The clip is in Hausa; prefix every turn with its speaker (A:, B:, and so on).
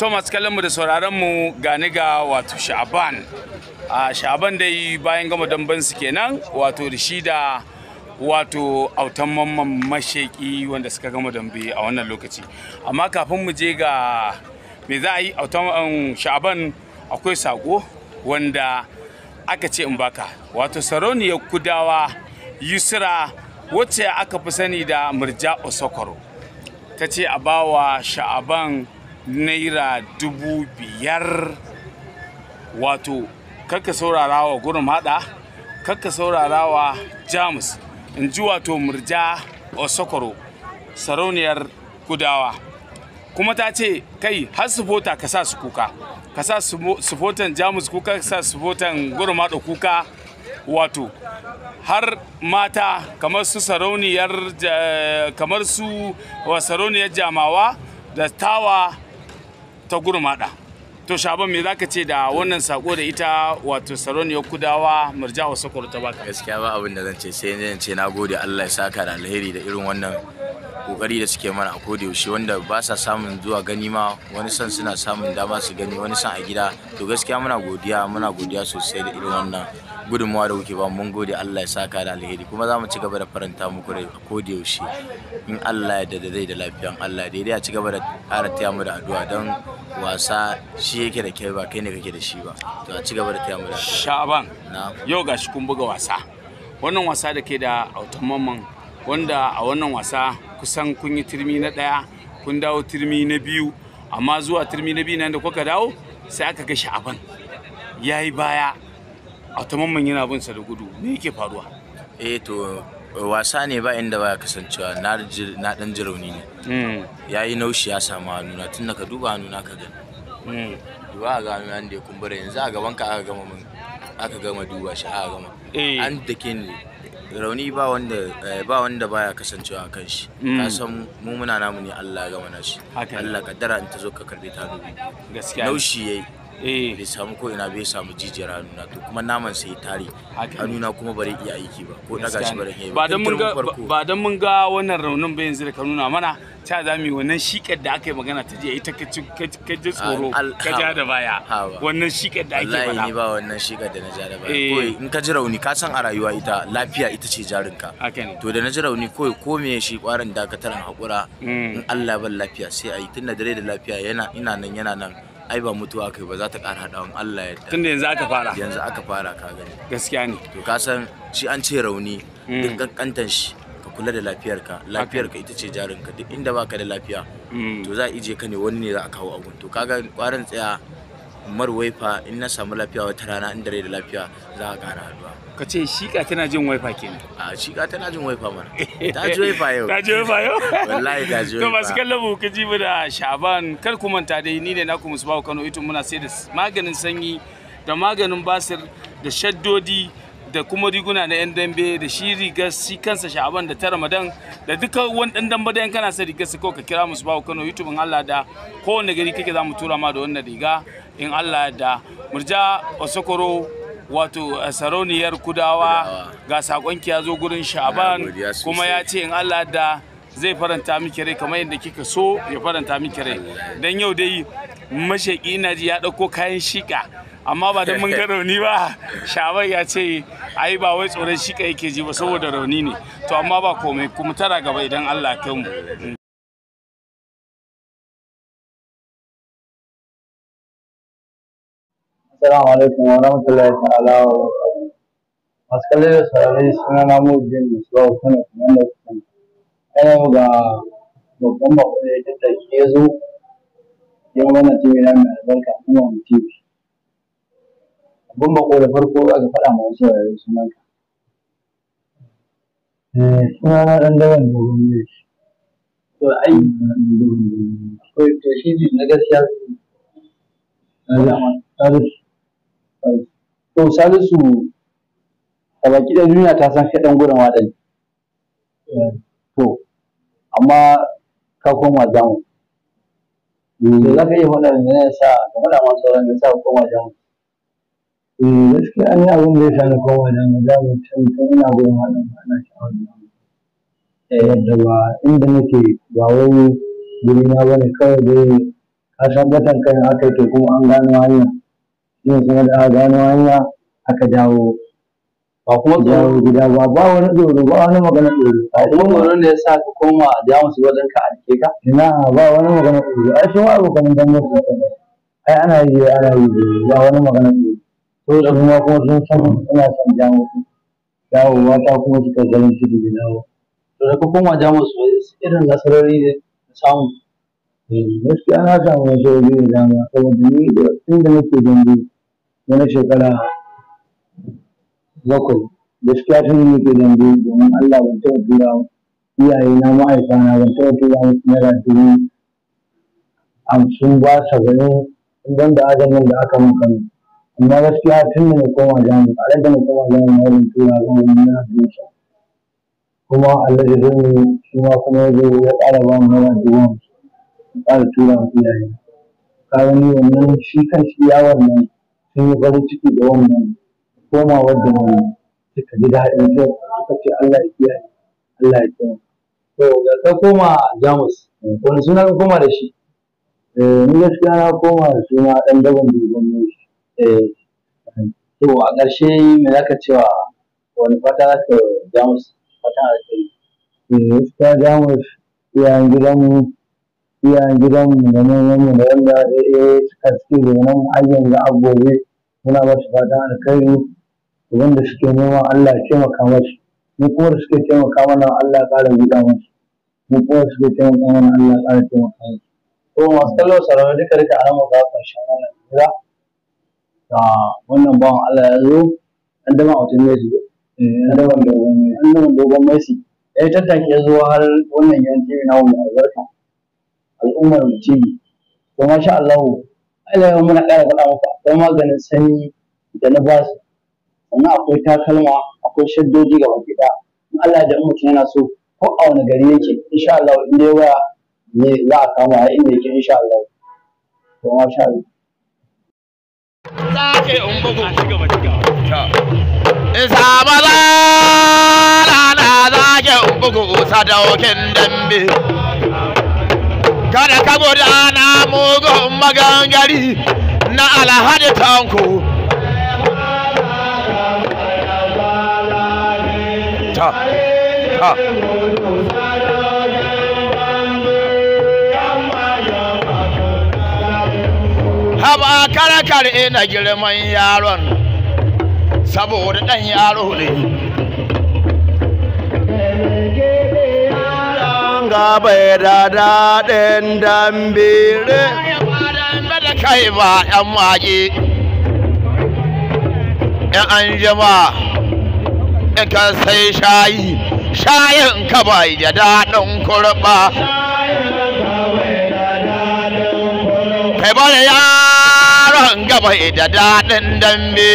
A: thomas mu da mu gane ga wato sha'aban a sha'aban dai bayan gama damban su kenan wato da shi wato autan mamman masheki wanda suka gama dambe a wannan lokaci amma kafin mu je ga me za a yi autan um, sha'aban akwai sako wanda aka ce in baka wato sarauniyar kudawa yusra wacce aka fi sani da murja osokoro ta ce a bawa sha'aban naira dubu biyar wato kakka saurara wa gurum hada kakka saurara wa jamus in ji wato murja osokoro sarauniyar gudawa kuma ta ce kai har sufota ka sa su kuka ka sa sufotan jamus kuka ka sa sufotan gurum hada kuka wato har mata kamar su sarauniyar kamar su sarauniyar jamawa da tawa ta gurmada to shaban me zaka ce da wannan sako da ita wato saroniyar kudawa wa sakwaro ta baka gaskiya
B: ba abin da zan ce sai ne ce na gode Allah ya saka da alheri da irin wannan kokari da suke mana a koda yaushe wanda ba sa samun zuwa gani ma wani san suna samun dama su gani wani san a gida to gaskiya muna godiya muna godiya sosai da irin wannan gudunmawa da kuke ba mun gode Allah ya saka da alheri kuma za mu ci gaba da faranta muku rai a koda yaushe in Allah ya da zai da lafiyan Allah daidai a ci gaba da ƙara taya mu da addu'a don wasa shi yake da kai ba kai ne kake da shi ba to a ci gaba da taya mu da sha'aban
A: yau gashi kun buga wasa wannan wasa da ke da autamamman wanda a wannan wasa kusan kun yi turmi na daya kun dawo turmi na biyu amma zuwa turmi na biyu nan da kuka dawo sai aka ga sha'aban ya yi baya autamamman yana bin sa da gudu me yake faruwa eh to wasa ne ba
B: inda baya kasancewa na dan jirauni ne Hmm. ya yi naushi ya samu hannuna tun da ka duba hannuna ka gani hmm. duba a gano da ya kumbura yanzu a gaban ka aka gama min aka gama duba shi aka gama eh. an da ke ne rauni ba wanda eh, ba wanda baya kasancewa kan shi hmm. ka san mu muna namu ne Allah ya gama na shi Allah kaddara in ta zo ka karbe ta dubi gaskiya naushi yayi Eh. bai samu ko ina bai samu jijiyar hannuna to kuma naman sai tare hannuna kuma bari iya aiki ba ko daga shi bari ba mun ga
A: ba don mun ga wannan raunin ba yanzu da ka nuna mana ta za mu wannan shiƙar da aka yi magana ta jiya ita ka ji tsoro ka ja da baya wannan shiƙar da ake faɗa ni
B: ba wannan shiƙar da na ja da baya eh. koi in ka ji rauni ka san a rayuwa ita lafiya ita ce jarinka to da na ji rauni koi ko me shi kwarin dakatar hakura mm. in Allah ban lafiya sai a yi tunda dare da lafiya yana ina nan yana nan ai ba mutuwa kai ba za ta ƙara wani Allah ya tunda yanzu aka fara yanzu aka fara ka gani gaskiya ne to ka san shi an ce rauni mm. duk kankantan shi ka kula da lafiyarka lafiyarka ita ce jarinka duk inda baka da lafiya mm. to za a ije ka ne wani ne za a kawo abun to kaga kwarin tsaya marwaifa in na samu lafiya wata rana in dare da lafiya za a ƙara haɗuwa ka ce shiƙa tana jin waifa kenan a shiƙa tana jin waifa mana ta ji waifa yau ta ji waifa yau wallahi ta ji waifa to masu kallon
A: mu ka ji mu da shaban kar ku manta dai ni ne naku bawo kano itun muna sai da maganin sanyi da maganin basir da shaddodi da kuma riguna na yan dambe da shi rigar shi kansa sha'aban da ta ramadan da duka wani dan dambe da yan kana sa rigar ko ka kira musu bawo kano youtube in allah da kowane gari kake za mu tura ma da wannan riga in allah da murja osokoro wato sarauniyar kudawa ga sakonki ya zo gurin sha'aban kuma ya ce in allah da zai faranta miki rai kamar yadda kika so ya faranta miki rai dan yau dai mashaki ina ji ya ɗauko kayan shika amma ba dan mun ga rauni ba shaban ya ce ai ba wai tsoron shika yake ji ba saboda rauni ne to amma ba komai
C: kuma tara gaba idan Allah ya kai mu Assalamu da saurari suna na Muhammadu Musuwa Kano kamar da kuka Ana mu ga babban bako da ya tattaki ya Babban bako da farko aka faɗa ma wasu saurari sunan ka. Eh, suna na ɗan dawan da ai, akwai to shi na gaskiya. to salisu a baki da duniya ta san kaɗan gurin waɗan to amma ka koma zamu to za ka iya faɗa da ya sa ka da ma sauran da sa koma jamu zamu eh, gaskiya an yi abin da ya sa na koma zamu zamu can tun ina gurin waɗan ba na sha'awar eh yadda ba inda nake ba wani gurina ba bane kawai dai ka san batan kayan aka yi kuma an gano hanya yin kuma da gano hanya aka dawo ba kuma dawo gida ba ba wani tsoro ba wani magana tsoro ba kuma tsoro ne yasa ka koma da yawon su wajen ka alke ka ina ba wani magana tsoro ai shi ma abokan dan musu ai ana yi ana yi ba wani magana tsoro to da kuma kuma sun san ina son jamu dawo mata kuma suka zalunci da dawo to da ka koma jamu su irin nasarori ne samu Eh, gaskiya na samu nasarori da dama saboda ni da tun da nake dambe wani shekara bakwai gaskiya tun da nake dambe domin Allah ban taɓa tura iyaye na ma'aifa ban taɓa tura musu naira dubu hamsin ba saba'in ban da ajamin da aka mun amma gaskiya tun na koma jami'a da na koma jami'a na tura wani kuma Allah da zai shi ƙara ba ƙara tura wa iyaye kayan wannan shi kan shi ya wannan sun yi farin ciki da wannan komawar da mu suka ji daɗin ta suka ce Allah ya kiyaye Allah ya kiyaye to da ka koma Jamus eh. wani suna ka koma da shi Eh ni gaskiya na koma da suna ɗan daban da gwamnati shi Eh. to a ƙarshe me za cewa wani fata za ka Jamus fata yi. kai eh, gaskiya Jamus ya iyayen mu. iyayen gidanmu da manyanmu da wanda suka suke zaune mu har yanzu gobe muna ba su fata alkhairi wanda suke neman Allah ya taimaka masu mu kuma da suke taimaka mana Allah ya ƙara buɗa masu mu kuma da suke taimaka mana Allah ya ƙara taimaka masu. to masu kallo sarari duka duka a ramu ba ƙarshen wannan jira da wannan bawan Allah ya zo an dama a wajen Messi eh. an dama dogon Messi ya yi tattaki ya zo har wannan yanki na wani albarka. al'ummar mutum to masha Allah ila yau muna ƙara faɗa muku akwai maganin sanyi da na ba su sannan akwai takalma akwai shaddoji ga baki ɗaya in Allah da mutum yana so ko a wani gari yake insha Allah in dai waya ne za a kama ya inda yake insha Allah to masha Allah
A: Isa balala na zage ungugu
B: sadaukin dambe. kada ka gudana mugun magangari na alhaji tanko ta haba karakar ina girman yaron saboda ɗan yaro ne ga bai da daɗin dambere da kai ba ɗan maƙi in an ka sai shayi shayin ka bai da daɗin kurɓa
C: kai ba da yaron gaba da daɗin dambe